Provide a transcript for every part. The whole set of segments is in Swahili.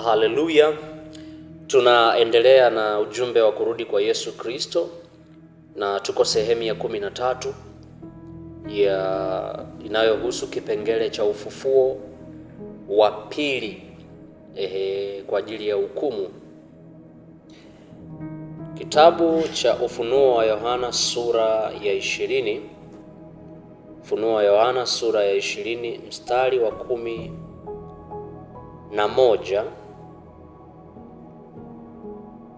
Haleluya! Tunaendelea na ujumbe wa kurudi kwa Yesu Kristo na tuko sehemu ya kumi na tatu ya inayohusu kipengele cha ufufuo wa pili ehe, kwa ajili ya hukumu. Kitabu cha Ufunuo wa Yohana sura ya ishirini Ufunuo wa Yohana sura ya ishirini mstari wa kumi na moja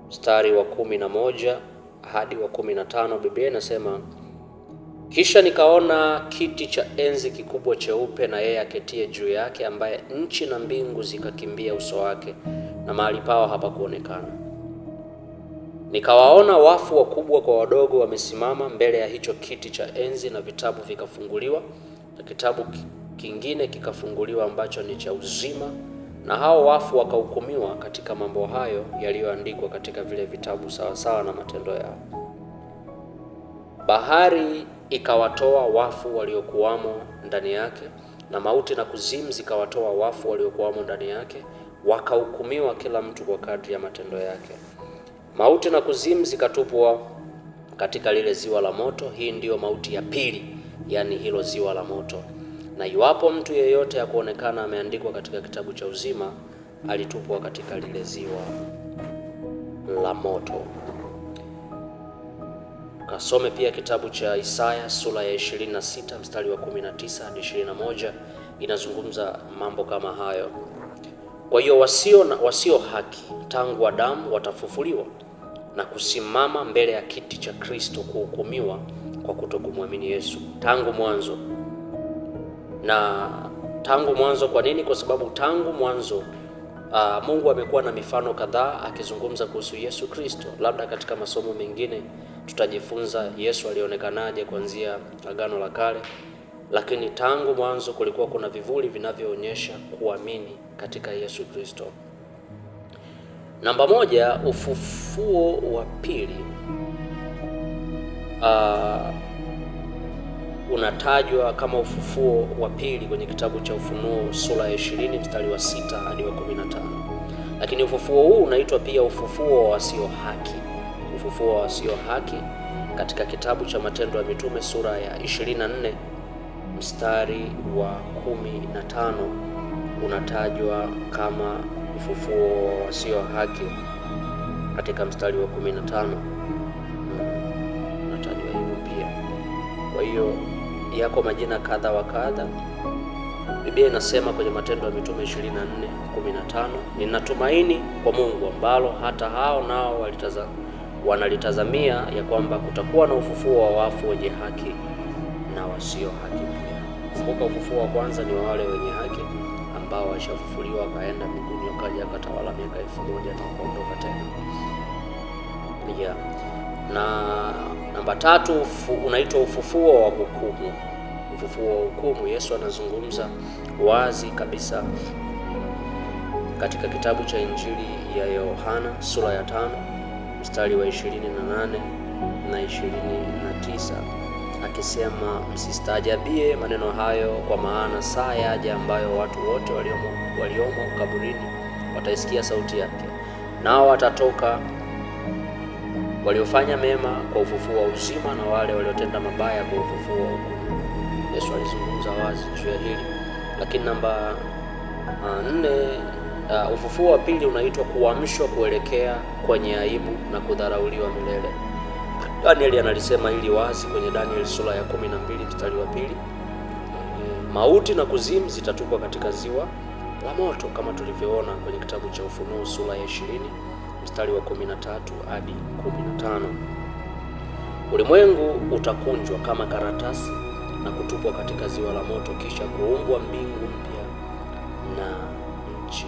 mstari wa kumi na moja hadi wa kumi na tano Biblia inasema kisha nikaona kiti cha enzi kikubwa cheupe na yeye aketie juu yake, ambaye nchi na mbingu zikakimbia uso wake, na mahali pao hapakuonekana. Nikawaona wafu wakubwa kwa wadogo wamesimama mbele ya hicho kiti cha enzi, na vitabu vikafunguliwa, na kitabu kingine kikafunguliwa ambacho ni cha uzima na hao wafu wakahukumiwa katika mambo hayo yaliyoandikwa katika vile vitabu sawasawa na matendo yao. Bahari ikawatoa wafu waliokuwamo ndani yake, na mauti na kuzimu zikawatoa wafu waliokuwamo ndani yake, wakahukumiwa kila mtu kwa kadri ya matendo yake. Mauti na kuzimu zikatupwa katika lile ziwa la moto. Hii ndiyo mauti ya pili, yaani hilo ziwa la moto na iwapo mtu yeyote akuonekana ameandikwa katika kitabu cha uzima, alitupwa katika lile ziwa la moto. Kasome pia kitabu cha Isaya sura ya 26 mstari wa 19 hadi 21, inazungumza mambo kama hayo. Kwa hiyo wasio, wasio haki tangu Adamu watafufuliwa na kusimama mbele ya kiti cha Kristo kuhukumiwa kwa kutokumwamini Yesu tangu mwanzo na tangu mwanzo. Kwa nini? Kwa sababu tangu mwanzo uh, Mungu amekuwa na mifano kadhaa akizungumza kuhusu Yesu Kristo. Labda katika masomo mengine tutajifunza Yesu alionekanaje kuanzia Agano la Kale, lakini tangu mwanzo kulikuwa kuna vivuli vinavyoonyesha kuamini katika Yesu Kristo. Namba moja, ufufuo wa pili uh, unatajwa kama ufufuo wa pili kwenye kitabu cha Ufunuo sura ya 20 mstari wa sita hadi wa 15. Lakini ufufuo huu unaitwa pia ufufuo wa wasio haki, ufufuo wa wasio haki katika kitabu cha Matendo ya Mitume sura ya 24 mstari wa 15 unatajwa kama ufufuo wa wasio haki katika mstari wa 15 yako majina kadha wa kadha. Biblia inasema kwenye Matendo ya Mitume 24:15, ninatumaini kwa Mungu ambalo hata hao nao walitaza, wanalitazamia ya kwamba kutakuwa na ufufuo wa wafu wenye haki na wasio haki pia. Kumbuka, ufufuo wa kwanza ni wa wale wenye haki ambao washafufuliwa wakaenda mbinguni wakaja akatawala miaka elfu moja na kuondoka tena. Yeah na namba tatu unaitwa ufufuo wa hukumu. Ufufuo wa hukumu, Yesu anazungumza wazi kabisa katika kitabu cha Injili ya Yohana sura ya tano mstari wa 28 na 29 akisema, msistaajabie maneno hayo, kwa maana saa yaja ambayo watu wote waliomo, waliomo kaburini wataisikia sauti yake, nao watatoka waliofanya mema kwa ufufuo wa uzima na wale waliotenda mabaya kwa ufufuo wa hukumu. Yesu alizungumza wazi juu ya hili. Lakini namba ah, nne, uh, ufufuo wa pili unaitwa kuamshwa kuelekea kwenye aibu na kudharauliwa milele. Danieli analisema hili wazi kwenye Danieli sura ya 12 mstari wa pili, mauti na kuzimu zitatupwa katika ziwa la moto, kama tulivyoona kwenye kitabu cha Ufunuo sura ya ishirini mstari wa 13 hadi 15. Ulimwengu utakunjwa kama karatasi na kutupwa katika ziwa la moto, kisha kuumbwa mbingu mpya na nchi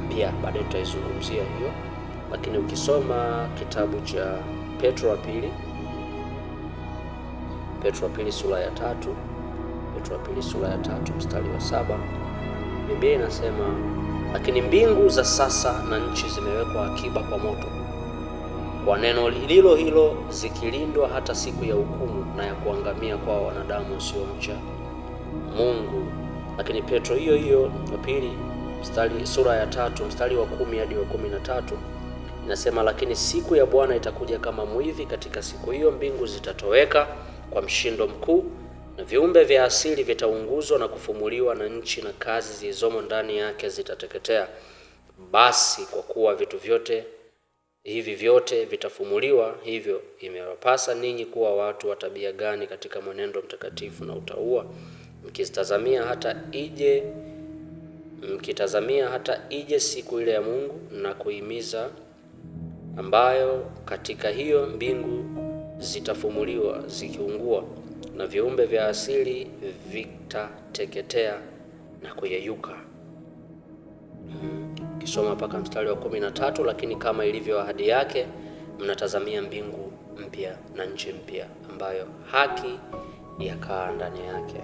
mpya. Baadaye tutaizungumzia hiyo, lakini ukisoma kitabu cha Petro wa pili, Petro wa pili sura ya tatu, Petro wa pili sura ya tatu mstari wa saba Biblia inasema lakini mbingu za sasa na nchi zimewekwa akiba kwa moto, kwa neno lilo hilo, zikilindwa hata siku ya hukumu na ya kuangamia kwa wanadamu wasiomcha Mungu. Lakini Petro hiyo hiyo ya pili mstari sura ya tatu mstari wa kumi hadi wa kumi na tatu inasema, lakini siku ya Bwana itakuja kama mwivi, katika siku hiyo mbingu zitatoweka kwa mshindo mkuu Viumbe vya asili vitaunguzwa na kufumuliwa na nchi na kazi zilizomo ndani yake zitateketea. Basi kwa kuwa vitu vyote hivi vyote vitafumuliwa, hivyo imewapasa ninyi kuwa watu wa tabia gani katika mwenendo mtakatifu na utaua mkitazamia hata ije mkitazamia hata ije siku ile ya Mungu na kuhimiza, ambayo katika hiyo mbingu zitafumuliwa zikiungua na viumbe vya asili vitateketea na kuyeyuka. Kisoma mpaka mstari wa kumi na tatu. Lakini kama ilivyo ahadi yake, mnatazamia mbingu mpya na nchi mpya ambayo haki yakaa ndani yake.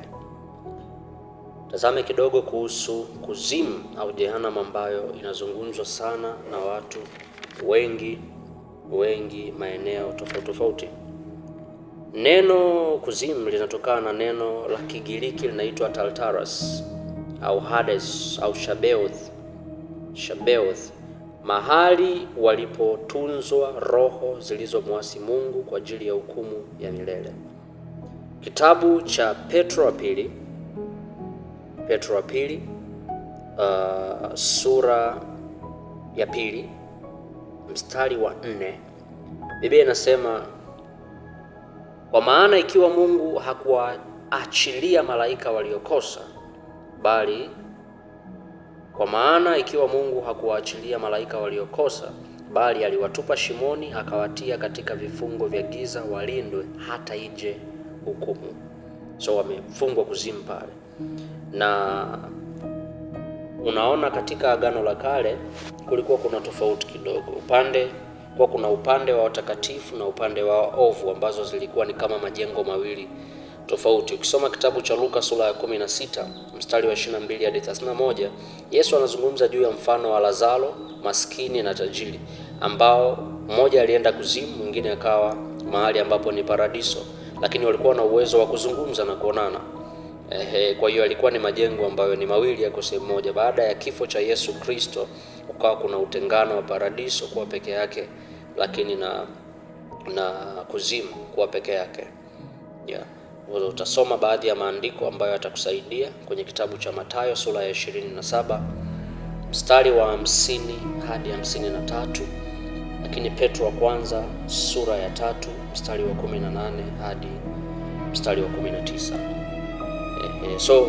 Tazame kidogo kuhusu kuzimu au jehanamu ambayo inazungumzwa sana na watu wengi wengi maeneo tofauti tofauti. Neno kuzimu linatokana na neno la Kigiriki linaitwa Tartarus au Hades au Shabeoth, Shabeoth, mahali walipotunzwa roho zilizomwasi Mungu kwa ajili ya hukumu ya milele. Kitabu cha Petro wa pili, Petro wa pili uh, sura ya pili mstari wa nne Biblia inasema kwa maana ikiwa Mungu hakuwaachilia malaika waliokosa, bali kwa maana ikiwa Mungu hakuwaachilia malaika waliokosa, bali aliwatupa shimoni, akawatia katika vifungo vya giza, walindwe hata ije hukumu. So wamefungwa kuzimu pale, na unaona katika Agano la Kale kulikuwa kuna tofauti kidogo upande kwa kuna upande wa watakatifu na upande wa ovu ambazo zilikuwa ni kama majengo mawili tofauti. Ukisoma kitabu cha Luka sura ya 16 mstari wa 22 hadi 31, Yesu anazungumza juu ya mfano wa Lazaro, maskini na tajiri, ambao mmoja alienda kuzimu, mwingine akawa mahali ambapo ni paradiso, lakini walikuwa na uwezo wa kuzungumza na kuonana. Ehe, kwa hiyo alikuwa ni majengo ambayo ni mawili yako sehemu moja. Baada ya kifo cha Yesu Kristo, kukawa kuna utengano wa paradiso kuwa peke yake, lakini na na kuzimu kuwa peke yake yeah. Utasoma baadhi ya maandiko ambayo yatakusaidia kwenye kitabu cha Mathayo sura ya 27 mstari wa hamsini hadi hamsini na tatu lakini Petro wa kwanza sura ya tatu mstari wa 18 hadi mstari wa 19 eh, so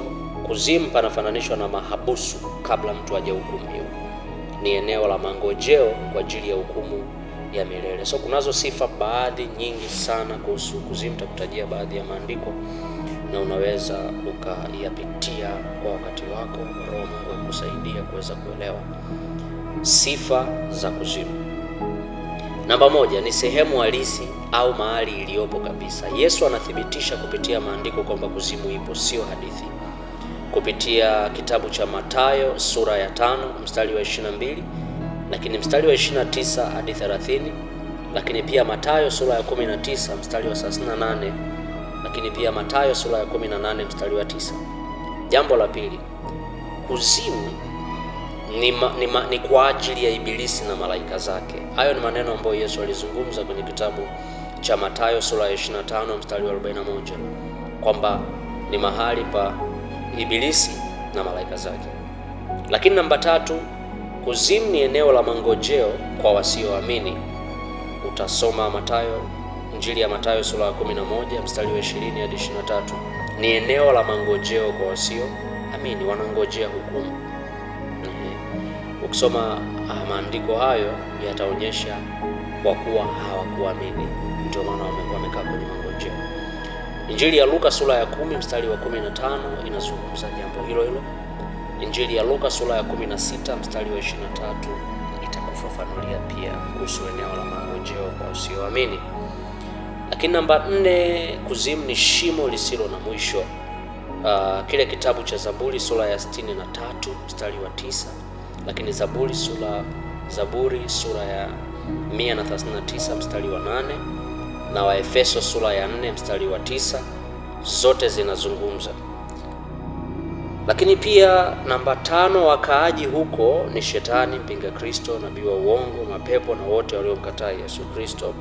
kuzimu panafananishwa na mahabusu kabla mtu hajahukumiwa, ni eneo la mangojeo kwa ajili ya hukumu ya milele. So kunazo sifa baadhi nyingi sana kuhusu kuzimu, takutajia baadhi ya maandiko na unaweza ukayapitia kwa wakati wako. Roho Mungu akusaidia kuweza kuelewa sifa za kuzimu. Namba moja ni sehemu halisi au mahali iliyopo kabisa. Yesu anathibitisha kupitia maandiko kwamba kuzimu ipo, sio hadithi. Kupitia kitabu cha Mathayo sura ya tano mstari wa 22 lakini mstari wa 29 hadi 30, lakini pia Mathayo sura ya 19 mstari wa 38, lakini pia Mathayo sura ya 18 mstari wa 9. Jambo la pili, kuzimu ni, ma, ni, ma, ni kwa ajili ya Ibilisi na malaika zake. Hayo ni maneno ambayo Yesu alizungumza kwenye kitabu cha Mathayo sura ya 25 mstari wa 41 kwamba ni mahali pa Ibilisi na malaika zake. Lakini namba tatu, kuzimu ni eneo la mangojeo kwa wasioamini. Utasoma Mathayo, Injili ya Mathayo sura ya 11 mstari wa 20 hadi 23. Ni eneo la mangojeo kwa wasioamini, wanangojea hukumu. Ukisoma ah, maandiko hayo yataonyesha kwa kuwa hawakuamini, ndio maana wamekaa kwenye magonjeo. Injili ya Luka sura ya kumi mstari wa kumi na tano inazungumza jambo hilo hilo. Injili ya Luka sura ya kumi na sita mstari wa ishirini na tatu itakufafanulia pia kuhusu eneo la magonjeo kwa usioamini. Lakini namba nne, kuzimu ni shimo lisilo na mwisho. Uh, kile kitabu cha Zaburi sura ya sitini na tatu mstari wa tisa lakini Zaburi sura Zaburi sura ya 139 mstari wa 8 na Waefeso sura ya 4 mstari wa tisa zote zinazungumza. Lakini pia namba tano, wakaaji huko ni shetani, mpinga Kristo, nabii wa uongo, mapepo na wote waliomkataa Yesu Kristo.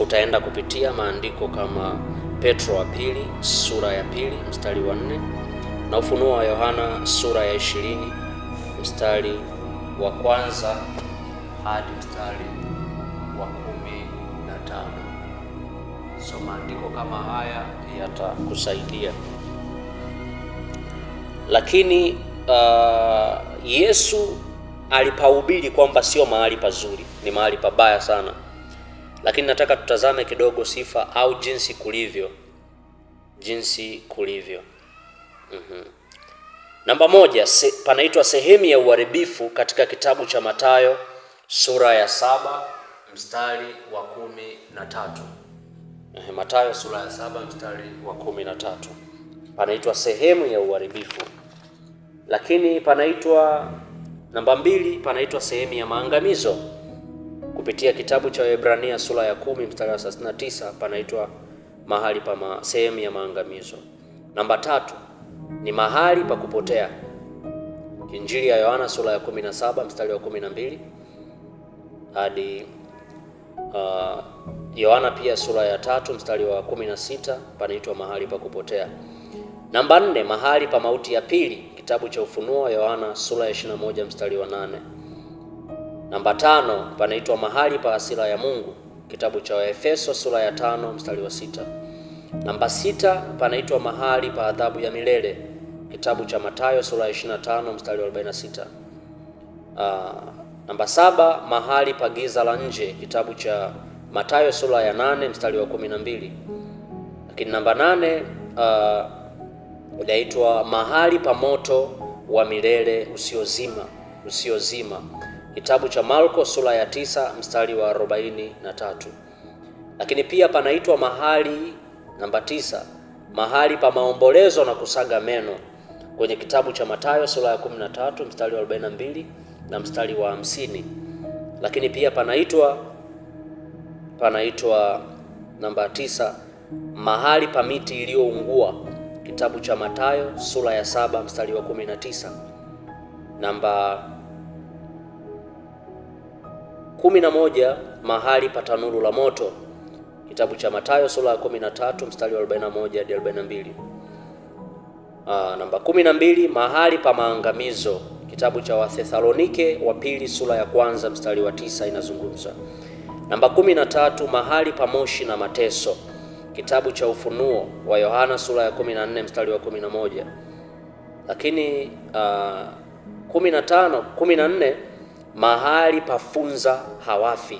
Utaenda kupitia maandiko kama Petro wa pili sura ya pili mstari wa nne na Ufunuo wa Yohana sura ya ishirini mstari wa kwanza hadi mstari wa kumi na tano. So maandiko kama haya yatakusaidia. Lakini uh, Yesu alipahubiri kwamba sio mahali pazuri, ni mahali pabaya sana. Lakini nataka tutazame kidogo sifa au jinsi kulivyo, jinsi kulivyo. mm -hmm. Namba moja, se, panaitwa sehemu ya uharibifu katika kitabu cha Mathayo sura ya saba mstari wa kumi na tatu. Mathayo sura ya saba mstari wa kumi na tatu panaitwa sehemu ya uharibifu, lakini panaitwa namba mbili, panaitwa sehemu ya maangamizo kupitia kitabu cha Waebrania sura ya kumi mstari wa 39 panaitwa mahali pa sehemu ya maangamizo. Namba tatu ni mahali pa kupotea. Injili ya Yohana sura ya 17 mstari wa 12 hadi uh, pia sura ya tatu mstari wa 16 panaitwa mahali pa kupotea. Namba nne, mahali pa mauti ya pili, kitabu cha Ufunuo Yohana sura ya 21 mstari wa nane Namba tano, panaitwa mahali pa hasira ya Mungu, kitabu cha Waefeso sura ya tano mstari wa sita. Namba sita panaitwa mahali pa adhabu ya milele, kitabu cha Mathayo sura ya 25 mstari wa 46. Uh, ah, namba saba mahali pa giza la nje, kitabu cha Mathayo sura ya 8 mstari wa 12. Lakini namba nane uh, inaitwa mahali pa moto wa milele usiozima, usiozima, kitabu cha Marko sura ya tisa mstari wa 43. Lakini pia panaitwa mahali Namba tisa, mahali pa maombolezo na kusaga meno kwenye kitabu cha Mathayo sura ya 13 mstari wa 42 na mstari wa 50. Lakini pia panaitwa panaitwa namba tisa, mahali pa miti iliyoungua, kitabu cha Mathayo sura ya saba mstari wa 19. Namba 11, mahali pa tanuru la moto kitabu cha Mathayo sura ya 13 mstari wa 41 hadi 42. Aa, ah, namba 12 mahali pa maangamizo, kitabu cha Wathesalonike wa pili sura ya kwanza mstari wa tisa inazungumza. Namba 13 mahali pa moshi na mateso, kitabu cha Ufunuo wa Yohana sura ya 14 mstari wa 11. Lakini uh, 15 14 mahali pa funza hawafi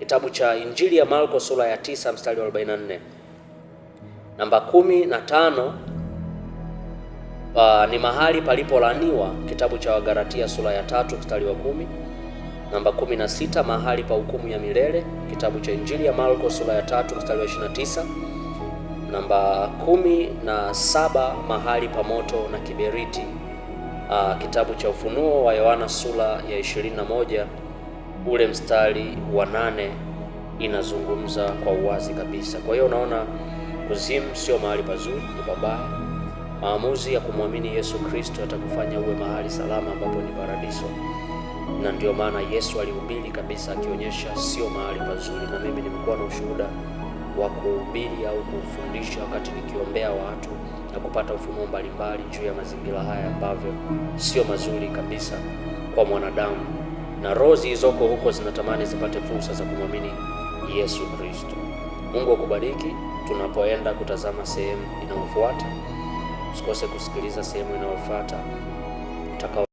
kitabu cha Injili ya Marko sura ya 9 mstari wa 44. Namba kumi na tano pa, ni mahali palipolaniwa, kitabu cha Wagalatia sura ya tatu mstari wa kumi. Namba kumi na sita mahali pa hukumu ya milele, kitabu cha Injili ya Marko sura ya tatu mstari wa 29. Namba kumi na saba mahali pa moto na kiberiti, ah, kitabu cha Ufunuo wa Yohana sura ya 21 ule mstari wa nane inazungumza kwa uwazi kabisa. Kwa hiyo unaona, kuzimu sio mahali pazuri, ni pabaya. Maamuzi ya kumwamini Yesu Kristo atakufanya uwe mahali salama ambapo ni paradiso, na ndio maana Yesu alihubiri kabisa, akionyesha sio mahali pazuri. Na mimi nimekuwa na ushuhuda wa kuhubiri au kufundisha wakati nikiombea watu na kupata ufunuo mbalimbali juu ya mazingira haya ambavyo sio mazuri kabisa kwa mwanadamu na roho zilizoko huko zinatamani zipate fursa za kumwamini Yesu Kristo. Mungu akubariki tunapoenda kutazama sehemu inayofuata. Usikose kusikiliza sehemu inayofuata utakao